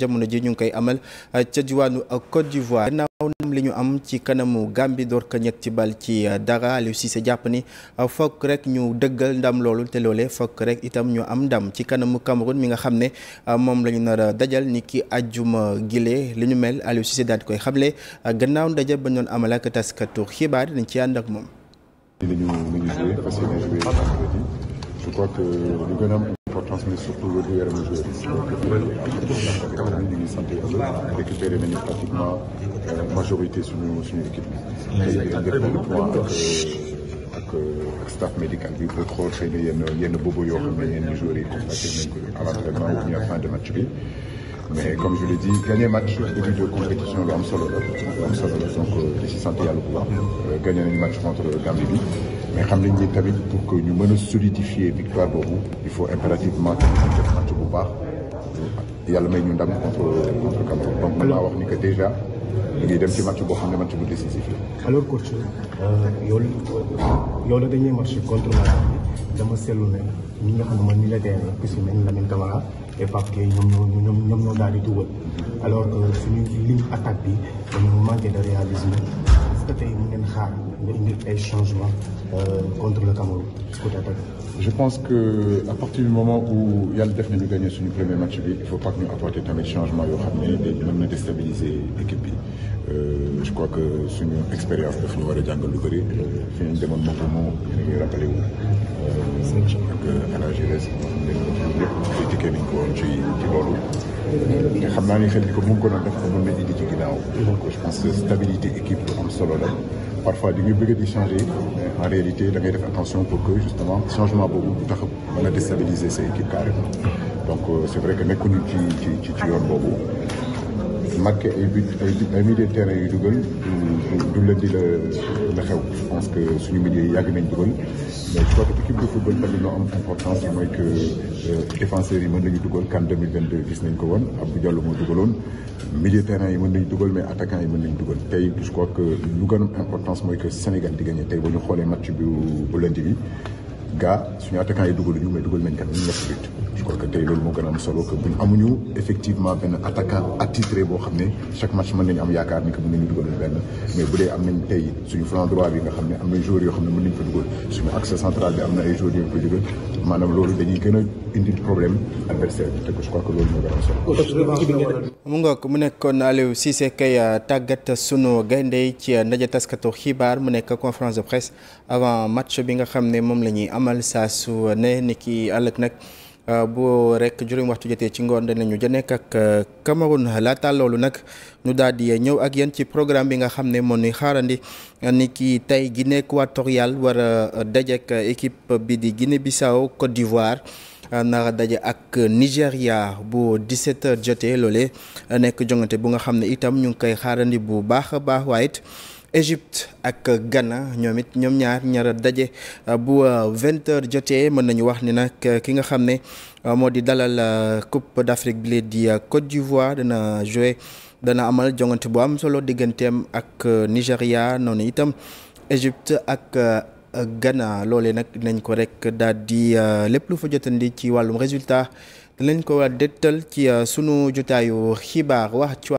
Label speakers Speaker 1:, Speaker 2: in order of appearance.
Speaker 1: jamono ji ñu ngi koy amal uh, ca diwaanu uh, Côte d'Ivoire gannaaw ndam li ñu am ci kanamu Gambie door ko ñetti bal ci uh, dara Aliou Cissé jàpp ni fokk rek ñu dëggal ndam loolu te loolee fokk rek itam ñu am ndam ci kanamu Cameroun mi nga xam ne moom la ñu nar a dajal ni ki ajjuma gile li ñu mel Aliou Cissé daal di koy xamle gannaaw ndaje ba ñoon amal ak taskatu xibaar dañ ci ànd ak moom.
Speaker 2: l'importance mais surtout wérgu yaramu joueur ñu ngi sant yàlla récupéré nañu pratiquement majorité suñu suñu équipe bi tey def nañu point ak ak staff médical bi pour xool xëy na yenn yenn boobu yoo xam ne yenn joueurs yi contacté nañ ko à l'entraînement ou bien fin de match bi mais comme je l'ai dit gagner match début de compétition lu am solo la lu am solo la donc di si sant yàlla bu baax gagné nañu match contre Gambie bi mais xam nañ ni tamit pour que ñu mën a solidifier victoire boobu il faut impérativement tamit match bu baax yàlla may ñu ndam contre contre Cameroun donc mën naa wax ni que déjà ñu ngi dem ci match boo xam ne ma bu décisif la.
Speaker 1: alors coach euh, yow yow la dañuy match contre Maroc bi dama seetlu ne ñi nga xam ne mooy ñi la dee ku si mel ni Lamine Camara et Pape Gueye ñoom ñoo ñoom ñoo daal di dugal alors que suñu ligne attaque bi dañoo manqué de réalisme. que tey mën ngeen xaar nga indi ay changement euh, contre le Cameroun côté attaque.
Speaker 2: je pense que à partir du moment où yàlla def nañu gagné suñu premier match bi il faut pas que ñu apporter tamit changement yoo xam ne dañu mën na déstabiliser équipe bi euh, je crois que suñu expérience daf ñu war a jàngal lu bëri euh, fi ñu demoon moom moo ñu rappelé wu. te xam naa ni xel di ko mu ngi ko doon def ko ba mel di ci ginnaaw. Mhm. donc je pense que stabilité équipe lu am solo la. parfois di nga bëgg di changer mais en réalité da ngay def attention pour que justement changement boobu du tax a mën a déstabiliser sa équipe carrément. Mhm. donc euh, c'est vrai que nekkuñu ci ci ci yoon boobu. marqué ay but ay milieu de terrain yu dugal du du la xew je pense que suñu milieu yàgg nañ dugal mais ci côté équipe de football tamit loo am importance bi mooy que euh, défenseurs yi mën nañu dugal CAN gis nañ ko woon Abdou Diallo moo dugaloon milieu de terrain yi mën nañu dugal mais attaquant yi mën nañu dugal tey je crois que lu gën a importance mooy que Sénégal di gagné tey ba ñu xoolee match bu lundi bi gaa suñu attaquant yi dugaluñu mais dugal nañ kanam ñett but je crois que tey loolu moo gën a am solo que buñ amuñu effectivement benn attaquant attitré boo xam ne chaque match mën nañu am yaakaar ni que mën nañu dugal benn mais bu dee am nañ tey suñu flanc droit bi nga xam ne am na joueurs yoo xam ne mën nañ fa dugal suñu axe central bi am na ay joueurs yoo fa dugal maanaam loolu dañuy gën a indi problème adversaire bi te je crois que loolu moo gën a am solo.
Speaker 1: mu ngoog mu nekkoon Aliou Cissé kay euh, tàggat sunu gaynde ci euh, ndaje taskatu xibaar mu nekk conférence de presse avant match bi nga xam ne moom la ñuy am amal saa su ne ni ki àllëg nag ah, boo rek juróom waxtu jotee ci ngoon danañu ja nekk ak ah, Cameroun laata loolu nag ñu daal di ñëw ak yéen ci programme bi nga xam ne moo ñuy xaarandi ni ki tey Guinée équatoriale war a dajeek équipe bi di Guinée Bissau Côte d'Ivoire ah, nara daje ak Nigéria bu 17h jotee loolee nekk jongante bu nga xam ne itam ñu ngi koy xaarandi bu baax a baax waaye Égypte ak Ghana ñoom it ñoom ñaar ñaar daje euh, bu euh, vingt heures jotee mën nañu wax ni nag euh, ki nga xam ne moo di dalal Coupe d'Afrique bi di Côte d'Ivoire dana jouer dana amal jongante bu am solo digganteem ak nigeria noonu itam Égypte ak Ghana loole nag nañ ko rek daal di lépp lu fa jotandi ci wàllum résultat dinañ ko dettal ci sunu jotaayu xibaar wax ci